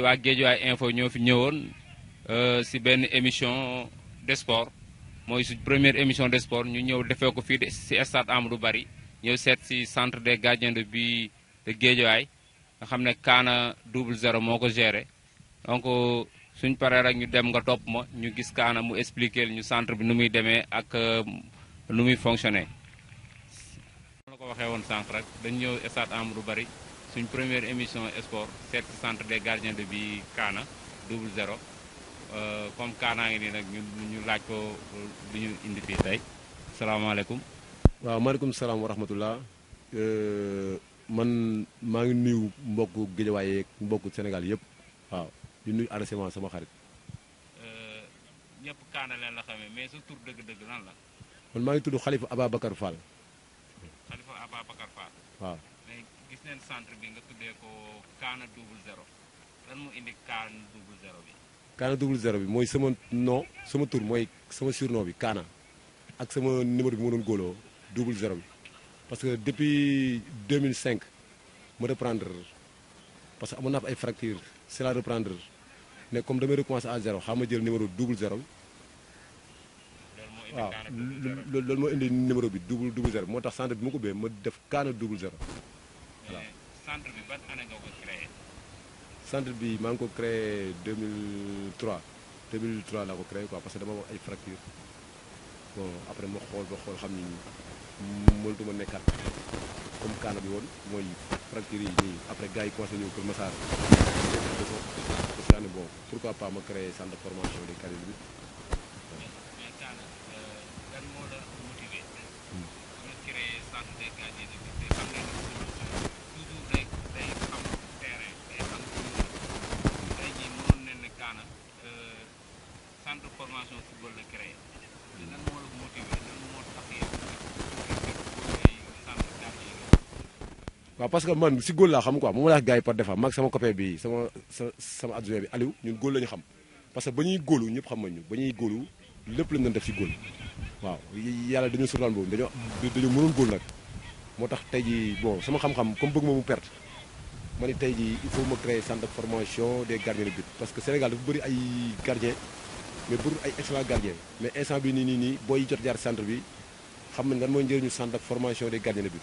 tey waa Guédiawaye info ñoo fi ñëwoon euh, si benn émission de sport mooy suñ première émission de sport ñu ñëw defee ko fii si stade Amadou Barry ñëw seet si centre des gardiens de but de Guédiawaye nga xam ne Kaana double zéro moo ko géré donc euh, suñ paree rek ñu dem nga topp ma ñu gis Kaana mu expliquer ñu centre bi nu muy demee ak euh, nu muy fonctionner. ma la ko waxee woon centre rek dañ ñëw stade Amadou Barry suñ première émission sport seet centre des gardiens de but Kaana double zéro euh, comme Kaana ngi nii nag ñu laaj ko lu ñu indi fii tey salaamaaleykum. waaw maaleykum salaam wa euh, man maa ngi nuyu mbokku Guédiawaye yeeg mbokku Sénégal yëpp waaw di nuyu arrêtement sama xarit. Euh, ñëpp Kaana leen la xamee mais sa tur dëgg-dëgg lan la. man maa ngi tudd Khalifa Ababacar Fall. Khalifa Ababacar Fall waaw. gis neen centre bi nga Kaana double zéro lan Kaana bi. Kaana bi mooy sama nom sama tur mooy sama surnom bi Kaana ak sama numéro bi ma doon góoloo double bi parce que depuis 2005 ma reprendre parce que amoon naa fa ay fracture c'est la reprendre mais comme damay recommencer à zéro xam ma jël numéro double zéro bi. waaw loolu moo indi numéro bi double double zéro moo tax centre bi ma ko ubbee ma def kaana double zéro centre bi ban année nga ko créé. centre bi maa ngi ko créé 2003 2003 laa ko créé quoi parce que dama wax ay fracture bon après ma xool ba xool xam ni mënatu ma nekkaat comme kaana bi woon mooy fracture yi nii après gars yi commencé ñëw Kër Massar. parce que année boobu pourquoi pas ma créé centre de formation des carrières bi. parce que man si Gol l'a, xam quoi moom la gaay par défaut mak sama copain bi sama sama adjoint bi Aliou ñun góol lañu xam parce que bañuy ñuy góolu ñëpp xam nañ ñu ba ñuy góolu def ci góol waaw yalla dañu sural bo dañu dañoo mënoon góol nag moo tax ji bon sama xam-xam comme bëgg ma mu perte ma ne ji il faut me créer centre de formation des gardiens de but parce que Sénégal dafa bëri ay gardien mais bëri ay excellent gardien mais instant bi ni ni boy jot jaar centre bi xam nañ lan mooy njëriñu centre de formation des gardiens de but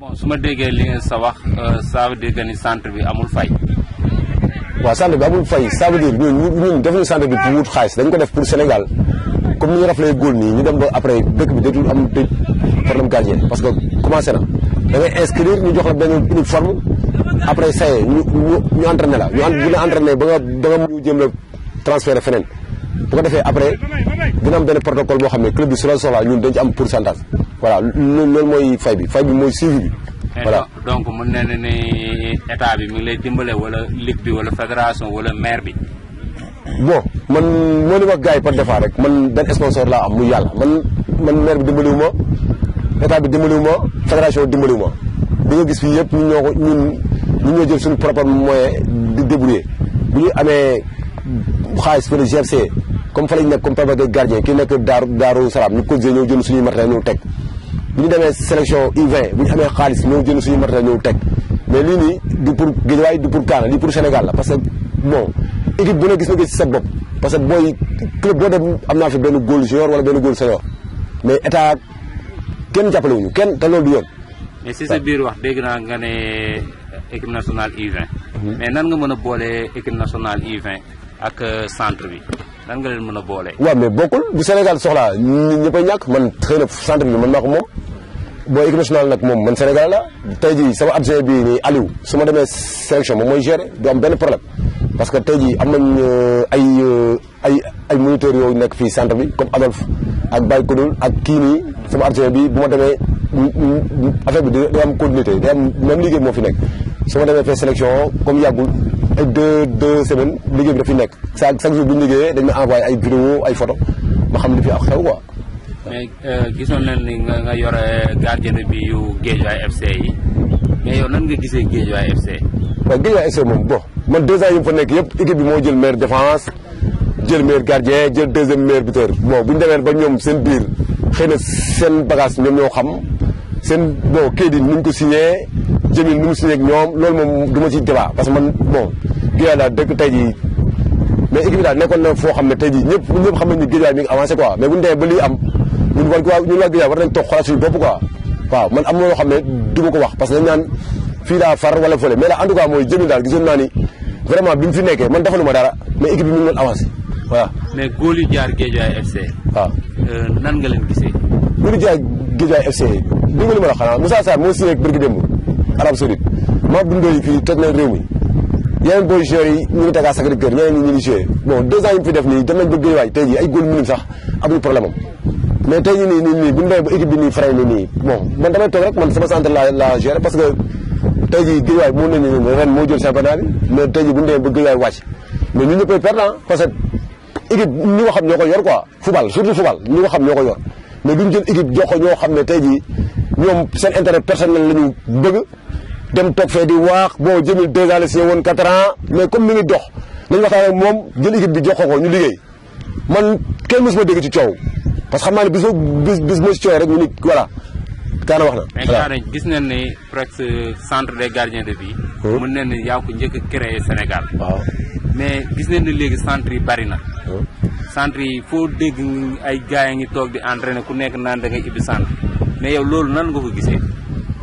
bon su ma déggee li nga sa wax euh, ça veut centre bi amul fay. waaw centre bi amul fay ça veut dire ñun def defuñu centre bi pour wut xaalis dañ ko def pour Sénégal comme ni ñu raflee góol nii ñu dem ba après dëkk bi dootul am dëj problème parce que commencé na da ngay inscrire ñu jox la benn uniforme après ça ñu ñu entraîné la ñu ñu la entraîné ba nga ba jëm la transféré feneen bu ko defee après dina am benn protocole boo xam ne club bi su la soxlaa ñun dañ ci am pourcentage. voilà loolu mooy fay bi fay bi mooy suivi bi. voilà donc mën na ne ni état bi mi ngi lay dimbale wala ligue bi wala fédération wala maire bi. bon man moo li wax gars yi par défaut rek man benn sponsor laa am muy yàlla man man maire bi dimbaliwu ma état bi dimbaliwu ma fédération dimbaliwu ma bi nga gis fii yëpp ñun ñoo ko ñun ñun ñoo jël suñu propre moyen di débrouiller bu ñuy amee xaalis fële GFC comme fa lañ nekk comme papa gardien ki nekk daaru daaru salaam ñu cotisé ñoo jël suñuy matériel ñu teg bu ñu demee sélection U20 bu ñu amee xaalis ñoo jënd suñu matériel ñëw teg mais lii nii du pour Guédiawaye du pour Kaana lii pour Sénégal la parce que bon équipe bu ne gis na ko ci sa bopp parce que booy club boo dem am naa fi benn góol junior wala benn góol senior mais état kenn jàppale wuñu kenn te loolu du yoon. mais si sa biir wax dégg naa nga ne équipe nationale U20. Mhm. mais nan nga mën a boolee équipe nationale u ak euh, centre bi. lan nga mën a boole. waaw mais bokkul bu Sénégal soxlaa ñëpp a ñàkk man xëy centre bi man maa moom boo équipe nationale nag moom man Sénégal la tey jii sama adjoint bii nii Aliou su ma demee sélection moom mooy gérer du am benn problème parce que tey jii am nañ euh, ay euh, ay ay moniteurs yooyu nekk fii centre bi comme Adolphe ak Baye Kodoul ak kii nii sama adjoint bi bu ma demee affaire bi day am continuité day am même liggéey moo fi nekk su ma demee fee sélection comme yàggul. ay deux deux semaines liggéey bi daf nekk saa chaque jour bu ñu liggéeyee dañ ma envoyé ay vidéo ay photo ma xam li fi ak xew quoi. mais euh, gisoon nañ ni nga nga yor gardien bi yu Guédiawaye FC yi mais yow nan nga gisee Guédiawaye FC. waaw Guédiawaye FC moom bon man deux ans yi fa nekk yëpp équipe bi moo jël meilleur défense jël meilleur gardien jël deuxième meilleur buteur bon bu ñu demee ba ñoom seen biir xëy na seen bagage ñoom ñoo xam seen bon kii di ni ñu ko signé. Jamil nu mu signé ak ñoom loolu moom du ma ci débat parce que man bon Guédiawaye daal dëkk tey jii mais équipe bi daal nekkoon na foo xam ne tey jii ñëpp xam nañ ni Guédiawaye mi ngi avancé quoi am ñun man am na xam ne du ma ko wax parce que dañ naan fii daa far wala fële mais daal en tout cas mooy Jamil daal gisoon naa ni vraiment bi fi nekkee man defaluma dara mais équipe bi mi ngi doon avancé voilà. mais jaar Guédiawaye FC. Euh, nan nga leen gisee. góol FC dégg nga li la xanaa Moussa Sarr moo signé ak Birki Arabie Saoudite Mame Ndoye fii toj na réew mi yeneen position yi ñu ngi tegaat Sacré-Cœur ñeneen ñi ñu ngi joué bon deux ans yi mu fi def nii dem nañ ba Guédiawaye tey jii ay góol minim sax amuñu problème am mais tey jii nii nii bu ñu demee ba équipe bi nii fray ni nii bon man damay toog rek man sama centre la la géré parce que tey jii Guédiawaye moo nañu ren moo jël championnat bi mais tey jii bu ñu demee ba Guédiawaye wàcc mais ñu ñëppay perdant parce que équipe ñi nga xam ñoo ko yor quoi football surtout football xam ñoo ko yor mais duñ jël équipe jox ko ñoo xam la ñu bëgg dem toog fee di waax bon jëmil deux ans la signé woon quatre ans mais comme mi ngi dox nañu waxtaan ak moom jël équipe bi jox ko ko ñu liggéey man kenn mosuma dégg ci coow parce que xam naa ne bis bis bis moo ci coow rek ñu ni voilà Kaana wax na. mais Kaana gis nañ ne presque centre des gardiens de but. Hmm? mën nañ ne yaa ko njëkk a créé Sénégal. waaw mais gis nañ ni léegi centre yi bari na. Hmm? centre yi foo dégg ay gars yi ngi toog di entraîné ku nekk naan da ngay ibbi centre mais yow loolu nan nga ko gisee.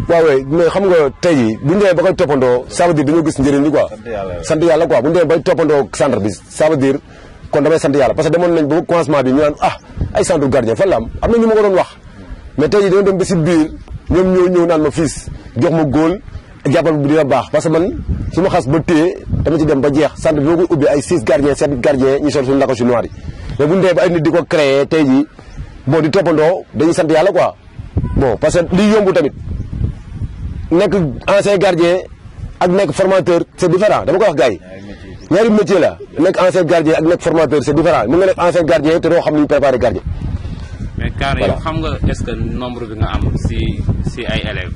waaw waaw mais xam nga tey jii bu ñu demee ba koy toppandoo ça veut dire dañoo gis njëriñ li quoi sant yàlla quoi bu ñu demee bay toppandoo centre bi ça veut dire kon damay sant yàlla parce que demoon nañ ba commencement bi ñu naan ah ay centre gardien fan la am am na ñu ma ko doon wax mais tey jii dañoo dem ba si biir ñoom ñoo ñëw naan ma fiis jox ma góol jàppal bu dina baax parce que man su ma xas ba téye dama ci dem ba jeex centre bi ma ay six gardien sept gardien ñu sol suñu lako noir yi mais bu ñu ba ay nit di ko créé tey bon di toppandoo dañuy sant yàlla quoi bon parce que li yombu tamit nekk ancien gardien ak nekk formateur c'est différent dama ko wax gars yi ñaari métier la nekk ancien gardien ak nekk formateur c'est différent mun nga nekk ancien gardien te doo xam lu ñu préparé gardien. mais Kaar yow xam nga est-ce que nombre bi nga am si si ay élèves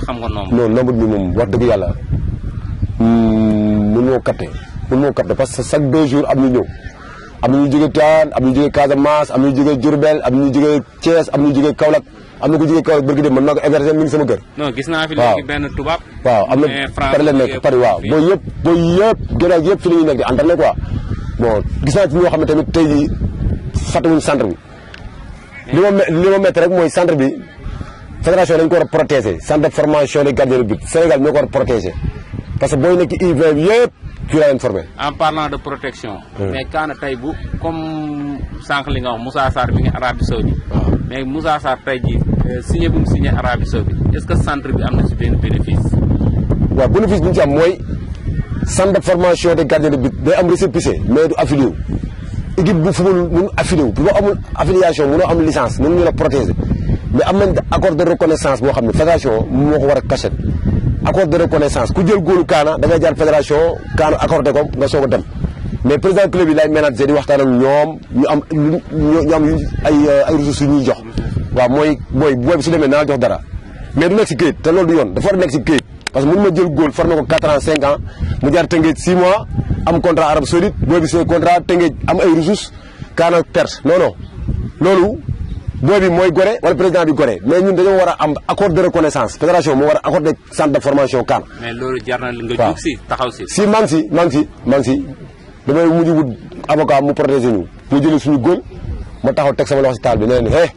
xam nga nombre. non nombre bi moom dëgg yàlla mun hmm, moo capté mun moo capté parce que chaque deux jours am ñu ñu jógee Tivaouane am ñu jógee Casamance am ñu jógee Diourbel am ñu jógee Thiès am ñu jógee Kaolack. am na ku jógee kaw bërgi dé mën naa ko héberger mi ngi sama kër non naa fi léegi benn tubaab waaw am na Paris la nekk Paris waaw booy yëpp booy yëpp gannaaw gi yëpp fi la ñuy nekk di entraîné quoi bon gis naa fi ñoo xam ne tamit tey jii wuñ centre bi li ma li rek mooy centre bi fédération dañ ko war a protéger centre de formation des gardiens de but Sénégal ñoo ko war a protéger parce que booy nekk U20 bi tu l'as informé. en parlant de protection. Hmm. mais kaana tey bu comme sànq li nga wax saar bi mi ngi Arabie Saoudite. Ah. mais Moussa Sarr tey jii euh, signé bu mu signé Arabie Saoudite est que centre bi am na ci benn bénéfice. waaw bénéfice bi ñu ci am mooy centre de formation des gardiens de but day am récépissé mais du affilié wu équipe bu football mun affilié wu boo amul affiliation munoo am licence mënuñu la protéger mais am nañ accord reconnaissance boo xam ne fédération moo ko a accord de reconnaissance ku jël góolu kaana da ngay jaar fédération kaana accordé ko nga soog a dem mais président club yi laay ménager di waxtaan ak ñoom ñu am ñu am ay ay ñuy jox waaw mooy booy booy bi su demee naa jox dara mais du nekk si këyit te loolu du yoon dafa war nekk si këyit parce que mënu ma jël góol formé ko 4 ans 5 ans mu jaar tëngeej 6 mois am contrat arabe saoudite booy bi c'est contrat tëngeej am ay ressources kaana perte non loolu boy bi moy goré wala président bi goré mais ñun dañu wara a am accord de reconnaissance fédération mo wara a accordé centre de formation kan mais lolu jarna nga juk si taxaw si. si man si man si man si damay mujj wut avocat mu protéger ñu mu jël suñu gol ma taxaw tek sama loxo si taal bi neen hé eh,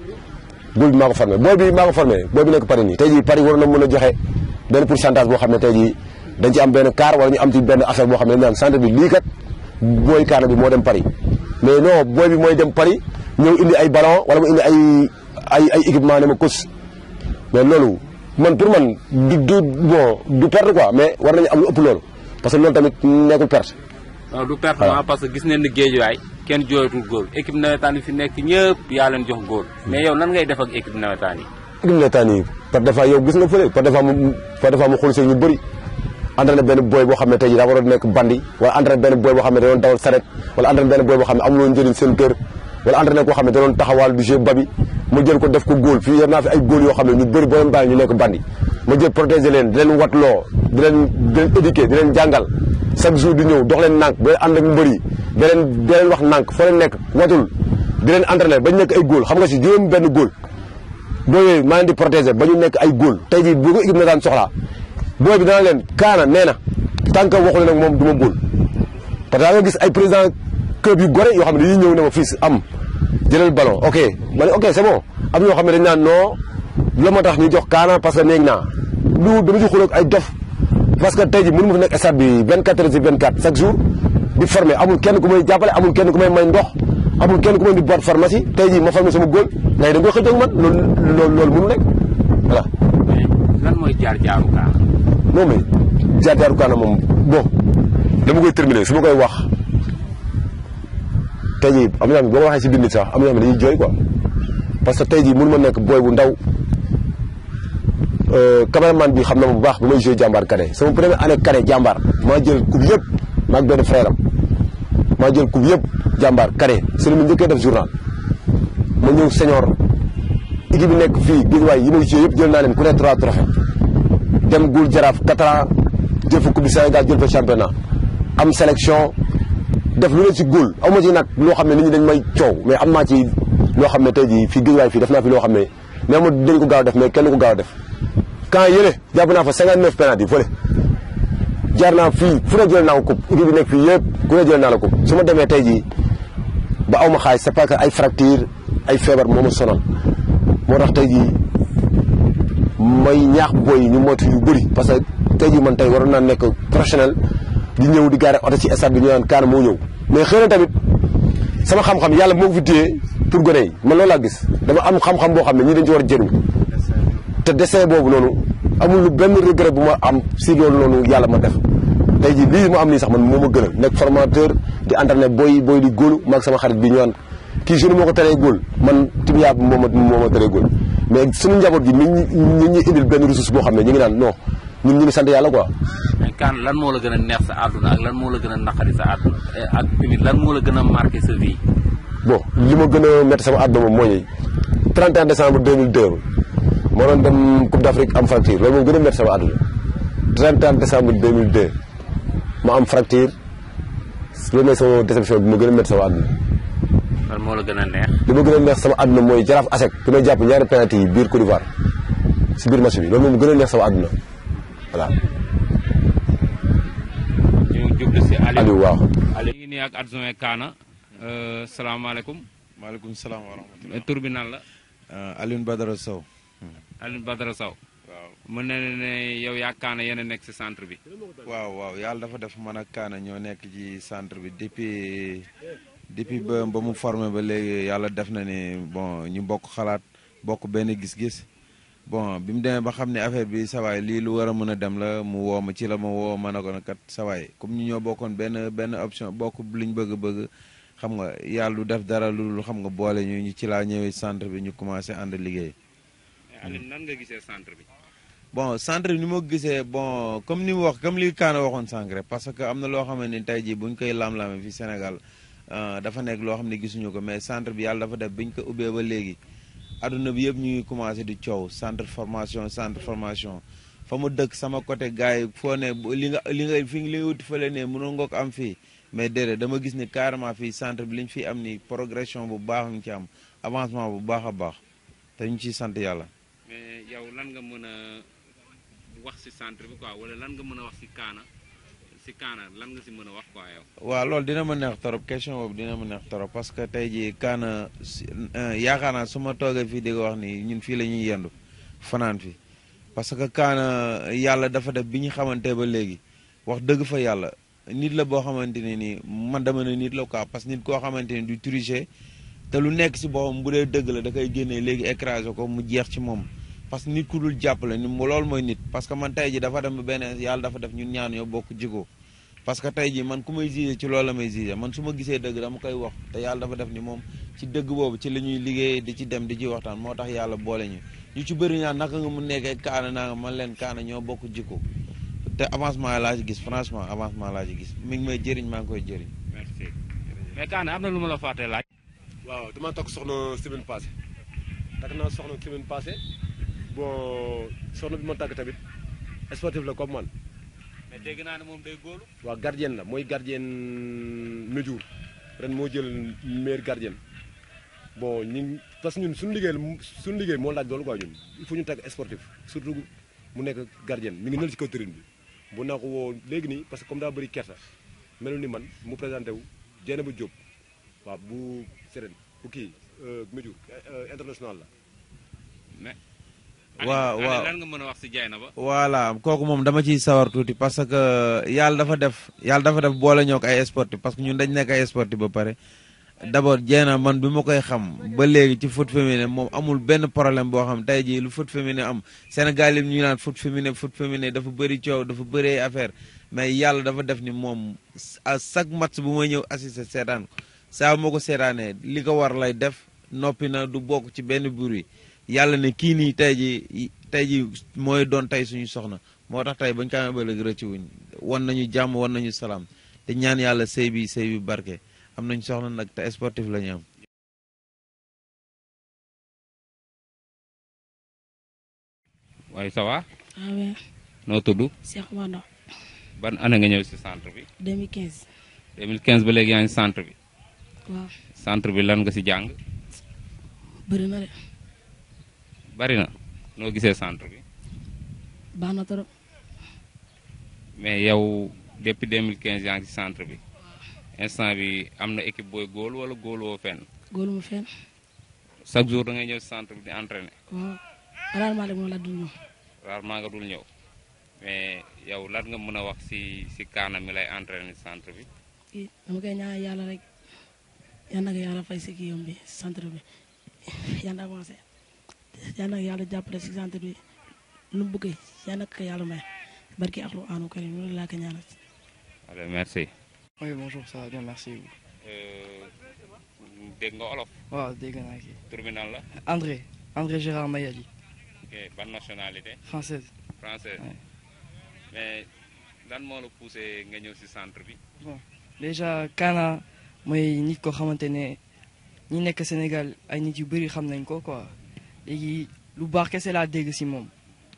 gol bi mako formé boy bi mako formé boy bi nek Paris ni tey jii Paris war na mën a joxe pourcentage bo xamné ne tey dañ ci am ben car wala ñu am ci ben affaire bo xamné ne centre bi li kat boy kan bi mo dem Paris mais non boy bi moy dem Paris ñew indi ay ballon wala mu indi ay ay ay équipement ne ma mais lolu man pour man du du bon du perdre quoi mais war nañu am lu upp lolu parce que lolu tamit nekul perte. non du perte parce que gis nañ ni geejju ay kenn jooyatul góol équipe nawetani fi nek ñepp ya leen jox góol. mais yow nan ngay def ak équipe nawetani yi. équipe nawetaan par des yow gis nga fele par des mu par des mu xol sey ñu bëri. entraîné ben boy bo xamne tay tey jii daa bandi wala entraîné ben boy bo xamne da won dawal saret wala entraîné ben boy bo xamne amul won jëriñ seen kër wala entraîneur koo xam ne da doon taxawal du jeu babi mu jël ko def ko góol fi yor fi ay góol yo xamné ñu bëri borom bàyyi ñu nek bandi ma jël protéger leen di leen watloo di leen di éduquer di leen jàngal chaque jour di ñew dox leen nank ba and ak mbeuri yi da leen da leen wax nank fa leen nek watul di leen entraîner bañ nek ay góol xam nga ci jëm benn góol doo yooyu maa leen di protéger bañu nek ay góol tay jii bu ko équipe na daan soxlaa booy bi dana leen kana nee tanka waxul nak mom duma ak da nga gis ay président club yu gore yo xam ne ñëw ma fils am jëlal ballon ok mané ok c'est bon am ñoo xam dañ nan no lo motax ñu jox kaana parce que néeg na lu dama ci ak ay dof parce que tey ji mënu ma fi stade bi 24 heures 24 chaque jour di formé amul kenn ku may jappalé amul kenn ku may may ndox amul kenn ku may di boîte pharmacie tey ji ma formé sama góol léegi da nga koy xëccoog man lool lool mënu nek voilà. lan moy jaar jaaru kaana. non mais jaar jaaru kaana mom bon dama koy terminer suma koy wax. te jii am na ñoo xam ne ko waxee si biir nit sax am na ñoo xam ne dañuy jooy que tey jii mënu ma nekk booy bu ndaw euh, cameraman bi xam na ma bu baax bu may joué jàmbaar kare sama première année kare jàmbaar maa jël coupe yëpp maa benn frère am maa jël coupe yëpp jàmbaar kare si li mu njëkkee def journal ma ñëw senior équipe bi nekk fii gis waay yi may joué yëpp jël naa leen ku ne trois trophées dem gul jaraaf quatre ans jël fa coupe du jël fa championnat am sélection def lu ne ci góol aw ma ci nag loo xam ne nit ñi dañ may coow mais am naa ci loo xam ne tey jii fii Guédiawaye fii def naa fi loo xam ne nee ma dañ ko gaaw a def mais kenn ko gaaw a def quand yële jàpp naa fa 59 penalty fële jaar naa fii fu ne jël naa ko coupe équipe bi nekk fii yëpp ku ne jël naa la coupe su ma demee tey jii ba aw ma xaalis c'est parce que ay fracture ay feebar moo ma sonal moo tax tey jii may ñaax booy ñu moytu yu bëri parce que tey jii man tey waroon naa nekk professionnel di ñëw di gaare oto ci stade bi ñu naan Kaana moo ñëw mais xëy tamit sama xam-xam yàlla moo ko fi téye pour gone yi man loolu laa gis dama am xam-xam boo xam ne ñii dañ ci war a jëriñ te dessin boobu noonu amul lu benn regret bu ma am si loolu noonu yàlla ma def tey jii lii ma am nii sax man moo ma gënal nekk formateur di entraîné booy booy di góolu maag sama xarit bi ñu naan kii jeune moo ko teree góol man timiyaab moo ma moo ma teree góol mais suñu njaboot gi nit ñu nit ñi indil benn ressource boo xam ne ñu ngi naan non ñun ñu ngi sant yàlla quoi kaan lan moo la gën a neex sa àdduna ak lan moo la gën a naqari sa àdduna eh, ak moo la gën a marqué sa vie. bon li ma gën a métti sama àdduna moom moo ñuy 31 décembre 2002 moo doon dem Coupe d'Afrique am fracture loolu moom gën a métti sama àdduna 31 décembre 2002 ma am fracture loolu mooy sama déception bi ma gën a métti sama àdduna. lan moo la gën a neex. li ma gën a neex sama àdduna mooy jaraaf asek bi may jàpp ñaari penalty yi biir Côte d'Ivoire si biir match bi loolu moom gën a neex sama àdduna voilà. monsieur Aliou waaw Aliou ngi nii ak adjoint Kaana euh, salaamaaleykum maaleykum salaam wa rahmatulah euh, tur bi nan la euh, Alioune Badara Sow hmm. Alioune Badara Sow waaw mën na yow yaa Kaana yéen nekk si centre bi waaw waaw yàlla dafa def mën ak Kaana ñoo nekk ci centre bi depuis depuis ba mu formé ba léegi yàlla def na ni bon ñu bokk xalaat bokk benn gis-gis bon bi mu demee ba xam ne affaire bi sawaay lii lu war a mën a dem la mu woo ma ci la ma woo ma ne ko nag kat sawaay comme ñu ñoo bokkoon benn benn option bokk liñ bëgg-bëgg xam nga yàlla def dara lu xam boole ñu ñu ci laa ñëwee centre bi ñu commencé ànd liggéey. Alioune nan nga gisee centre bi. bon centre bi ni ma gisee bon comme ni mu li Kaana waxoon sànq parce que am na loo xam ne tey jii buñ koy lam-lame fii Sénégal euh, dafa nekk loo xam ne gisuñu ko mais centre bi yàlla dafa def biñ ko ubbee ba léegi. adduna bi yëpp ñu ngi commencé di coow centre formation centre formation fa mu dëkk sama côté gars yi foo ne li nga li nga fi li nga wuti fële ne mënoo nga ko am fii mais déedéet dama gis ni carrément fii centre bi liñ ñu fi am ni progression bu baax ñu ci am avancement bu baax a baax te ñu ciy sant yàlla. mais yow lan nga mën a wax ci centre bi quoi wala lan nga mën a wax ci Kaana. si Kaana lan nga si mën a wax quoi yow. waaw loolu dina ma neex trop question boobu dina ma neex parce que euh, di wax ni ñun fii la yendu fanaan fi parce que kana yàlla dafa def bi ñu xamante ba léegi wax dëgg fa yàlla nit la boo xamante ni man dama ne nit la quoi parce que nit koo xamante du tricher te lu nekk si boppam bu dee dëgg la da koy génnee léegi écrasé ko mu jeex ci mom parce nit ku dul jàppale ni loolu mooy nit parce que man tey ji dafa dem benn yàlla dafa def ñun ñaan ñoo bokk parce que tey jii man ku may jugé ci loolu la may jugé man su ma gisee dëgg dama koy wax te yàlla dafa def ni moom ci dëgg boobu ci la ñuy liggéey di ci dem di ci waxtaan moo tax yàlla boole ñu ñu ci bëri ñaan naka nga mu nekkee kaana naa nga man leen kaana ñoo bokk jikko te avancement laa ci gis franchement avancement laa ci gis mi ngi may jëriñ maa ngi koy jëriñ. merci mais kaana am na lu ma la fàtte laaj. waaw dama takk soxna semaine passée takk naa soxna semaine passée bon bi ma takk tamit sportif la comme man. dégg naa ne moom day góolu. waaw gardien la mooy gardien Ndiour ren moo jël meilleur gardien bon ñun parce que ñun suñu liggéey suñu liggéey moo laaj loolu quoi ñun fu ñu teg sportif surtout mu nekk gardien mi ngi nël ci kaw tribune bi. bu naa ko woo léegi nii parce que comme daa bëri kerta melul ni man mu présenté wu bu Diop waaw bu Sérène bu kii Ndiour euh, euh, international la waaw waaw lan nga mën a wax si Dieynaba voilà kooku moom dama ciy sawar tuuti parce que yàlla dafa def yàlla dafa def boole ñoo ko ay sportif parce que ñun dañ nekk ay sportif ba pare d'abord Dieyna man bi ma koy xam ba léegi ci foot féminin moom amul benn problème boo xam tey jii lu fut féminin am Sénégal yi ñu naan foot féminin foot féminin dafa bëri coow dafa bëri affaire mais yàlla dafa def ni moom a chaque match bu may ñëw assister seetaan ko saa moo ko seetaanee li ko war lay def noppi na du bokk ci benn bruit yàlla ne kii nii tey ji tey ji mooy doon tey suñu soxna moo tax tey bañ ko amee ba léegi rëcc wuñ won nañu jàmm wan nañu salaam te ñaan yàlla sëy bi sëy bi barke am nañ soxna nag te sportif la am waaye ça ah noo tudd Cheikh ban année nga ñëw si centre bi 2015 2015 ba léegi yaa ngi centre bi centre bi lan nga si jàng bari na noo gisee centre bi. baax na mais yow depuis 2015 yaa ngi ci centre bi instant bi am na équipe booy góol wala góol woo fenn. mu fenn. chaque jour da ngay ñëw centre bi di entraîner. waaw rarement rek moom la dul ñëw. rarement nga dul ñëw mais yow lan nga mën a wax si ci kaana mi lay entraîner centre bi. kii dama koy ñaanal yàlla rek yal na yàlla fay ci kii yombi centre bi yàlla avancé. yal na yàlla jàppale centre bi nu mu bëggee yal na may barki alxuraanu karim loolu laa ko ñaanal. alors merci. oui bonjour ça va bien merci. Euh, dégg nga olof. waaw dégg naa kii. tur bi André André Gérard Mayali. ok ban nationalité. française. française mais lan moo la poussé nga ñëw si centre bi. bon déjà Kaana mooy nit koo xamante ne ñi nekk Sénégal ay ni du bëri xam nañ ko quoi léegi lu baax c'est la dég si mom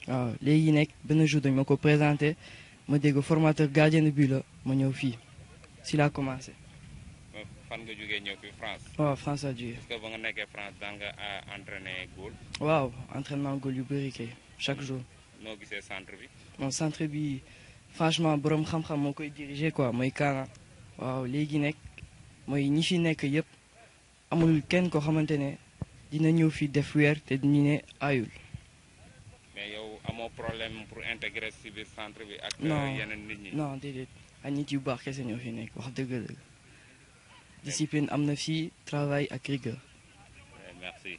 waaw léegi nekk benn jour dañ ma ko présenté ma dégg formateur gardien de but la ma ñëw fi si la commencé. Euh, fan nga jógee ñëw fi France. waaw France a jógee. est-ce que ba nga nekkee France daan nga euh, entraîné góol. waaw entraînement goal yu bëri kay chaque jour. noo gisee centre bi. non centre bi franchement borom xam-xam moo koy diriger quoi moy Kaana. waaw léegi nek moy ñi fi nek yépp amul kenn ko xamante ne dina fi def weer te ñu ne ayul. mais yow amoo problème pour intégrer ci biir centre bi. ak euh, yeneen nit ñi non non déedéet ak nit yu baax kese ñoo fi nekk wax dëgg dëgg discipline am na fii travail ak rigueur. merci.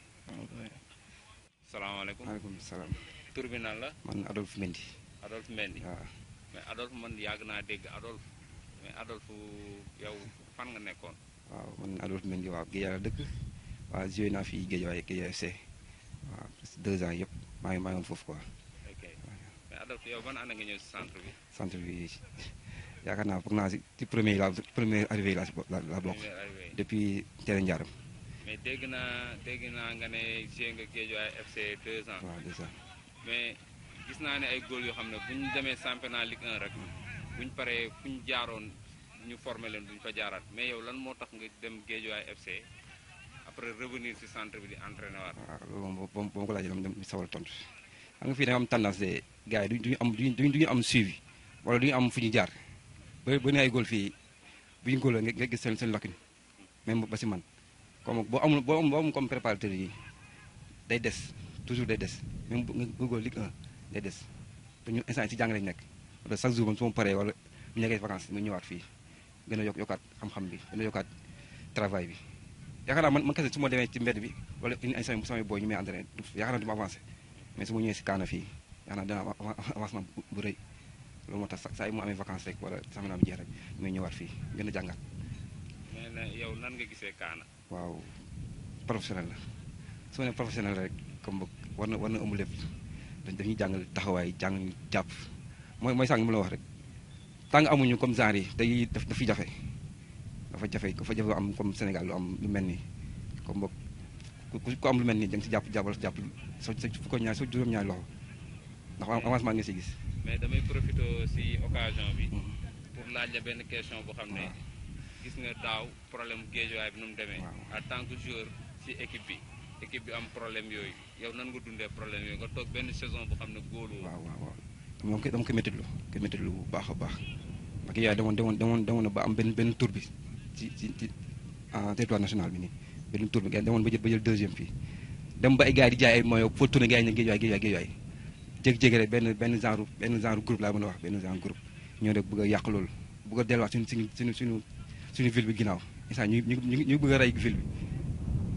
salaamaaleykum maaleykum salaam. tur bi nan la. man Adolphe Mendy. Adolphe Mendy mais Adolphe man yàgg naa dégg Adolphe mais Adolphe yow fan nga nekkoon. waaw man Adolphe Mendy waaw gi la dëkk. waaw joué naa fi Guédiawaye Guédiawaye FC waaw deux ans yëpp maa maa ngi foofu quoi. ok mais Adolphe yow ban année nga ñëw si centre bi. centre bi yaakaar naa foog naa si ci premier la premier arrivé la la bokk. depuis Tere Ndiaram. mais dégg naa dégg naa nga ne joué nga Guédiawaye FC deux ans. waaw deux mais gis naa ne ay góol yoo xam ne bu ñu demee championnat Ligue 1 rek bu ñu paree fu ñu jaaroon ñu forme leen duñ ñu fa jaaraat mais yow lan moo tax nga dem Guédiawaye FC. après revenir si bi di entraîner waat. waaw ah, loolu moom ba ma ko laajee nga fii da am tendance de gars yi duñu am duñu duñu am suivi wala duñu am fu ñu jaar ba ba ne ay góol fii nga gis seen seen lacune même ba si man comme boo amul boo amul comme préparateur yi day des toujours day des même bu nga góol Ligue day des te ñu instant si jàng lañ nekk wala chaque jour man su ma paree wala nekkee vacance mu ñëwaat fii gën a yokk yokkaat xam-xam bi gën a yokkaat travail bi. ya naa man man kese su démé ci mbéd bi wala une ay samay samay booy ñu may entraîné yaakaar naa du ma avancé mais suma ñëw ci kana fi fii yaakaar naa dana avancement bu reuy lu mo tax say mu amé vacances rek wala sama naam jeex rek ñu ñëwaat fii gën a mais na yow nan nga gissé kana waaw professionnel la suma professionnel rek comme bu war na war na ëmb lépp dañ dañuy jangal taxaway jang ñu jàpp moy mooy sang mu la wax rek tang amuñu comme genre yi day daf fi jafe dafa jafé ko fa jafé am comme Sénégal lu am lu melni ni comme boog ko am lu melni dem ci japp jabal japp so jàpp soo fu ko ñaar so juroom ñaar lo ndax avancement nga ci gis. mais damay profito ci occasion bi. Mm-hmm. pour laaj la benn question bu xamné gis nga daw problème géejuwaay bi num démé à tant que joueur ci équipe bi. équipe bi am problème yoy yow nan nga dundé problème yoy nga tok ben saison bu xamné ne góolu waaw waaw waaw moom kay dama koy méttitlu koy méttitlu bu baax baax ak yaa demone demone demone demone ba am ben ben tour bi. ci ci ci territoire national bi nii benn tour bi ba jël ba jël deuxième fii dem ba ay gars yi di jaay ay foo tourné gars yi ne géej waay géej rek benn benn genre benn genre groupe laa mën a wax benn genre groupe ñoo rek bëgg a yàq loolu bëgg a delluwaat suñu suñu suñu suñu suñu ville bi ginnaaw instant ñu ñu ñu bëgg a rey ville bi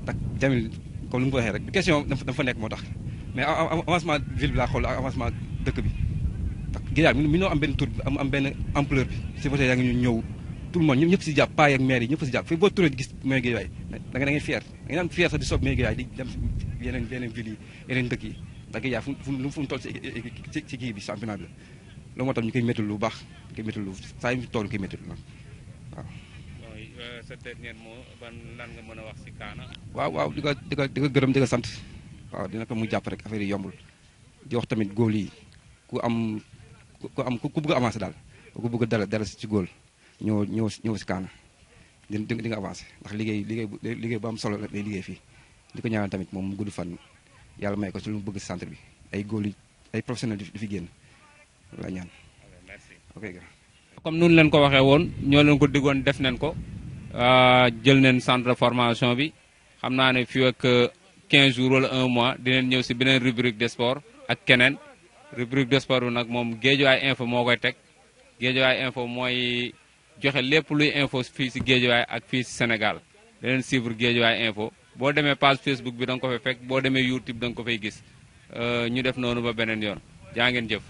tak jamil comme lu mu ko waxee rek question dafa fa nekk moo tax mais avancement ville bi laa xool avancement dëkk bi tak géej mi noo am benn tour am benn ampleur bi si vote tout le monde ñep ñëpp si jàpp paa ak maire yi ñep ci japp fi bo touré gis maire gi way da nga da nga fier da nga am fier sa di sop maire gi waay di dem yenen yenen ville yi yenen dëkk yi da nga ya fu lu fu tol e, e, e, ci ci ki bi championnat bi la loolu moo ñu koy méttal lu bax koy lu euh, sa yi tol koy méttal waaw ban lan waaw waaw di ko di gërëm sant waaw dina ko mu rek affaire yi yombul di wax tamit yi ku am ku am ku bëgg avancé dal. ku bëgg dara dara si góol ñoo ñëw ñëw si kaana di di nga avancé ndax liggéey liggéey liggéey bu am solo la liggéey fii di ko ñaanal tamit moom gudd fan yàlla may ko ci lu mu bëgg centre bi ay góol ay professionnel di fi génn la ñaan ok comme nun leen ko waxee woon ñoo leen ko diggoon def nañ ko euh, jël nañ centre de formation bi xam naa ne fii ak 15 euh, jours wala un mois dinañ ñëw si beneen rubrique de sport ak keneen rubrique de sport bi nag moom info moo koy teg info mooy joxe lépp luy info fii si Géejawaay ak fii si Sénégal da leen suivre info boo demee page Facebook bi da nga ko fay fekk boo demee YouTube da nga ko fay gis euh, ñu def noonu ba beneen yoon jaa ngeen jëf.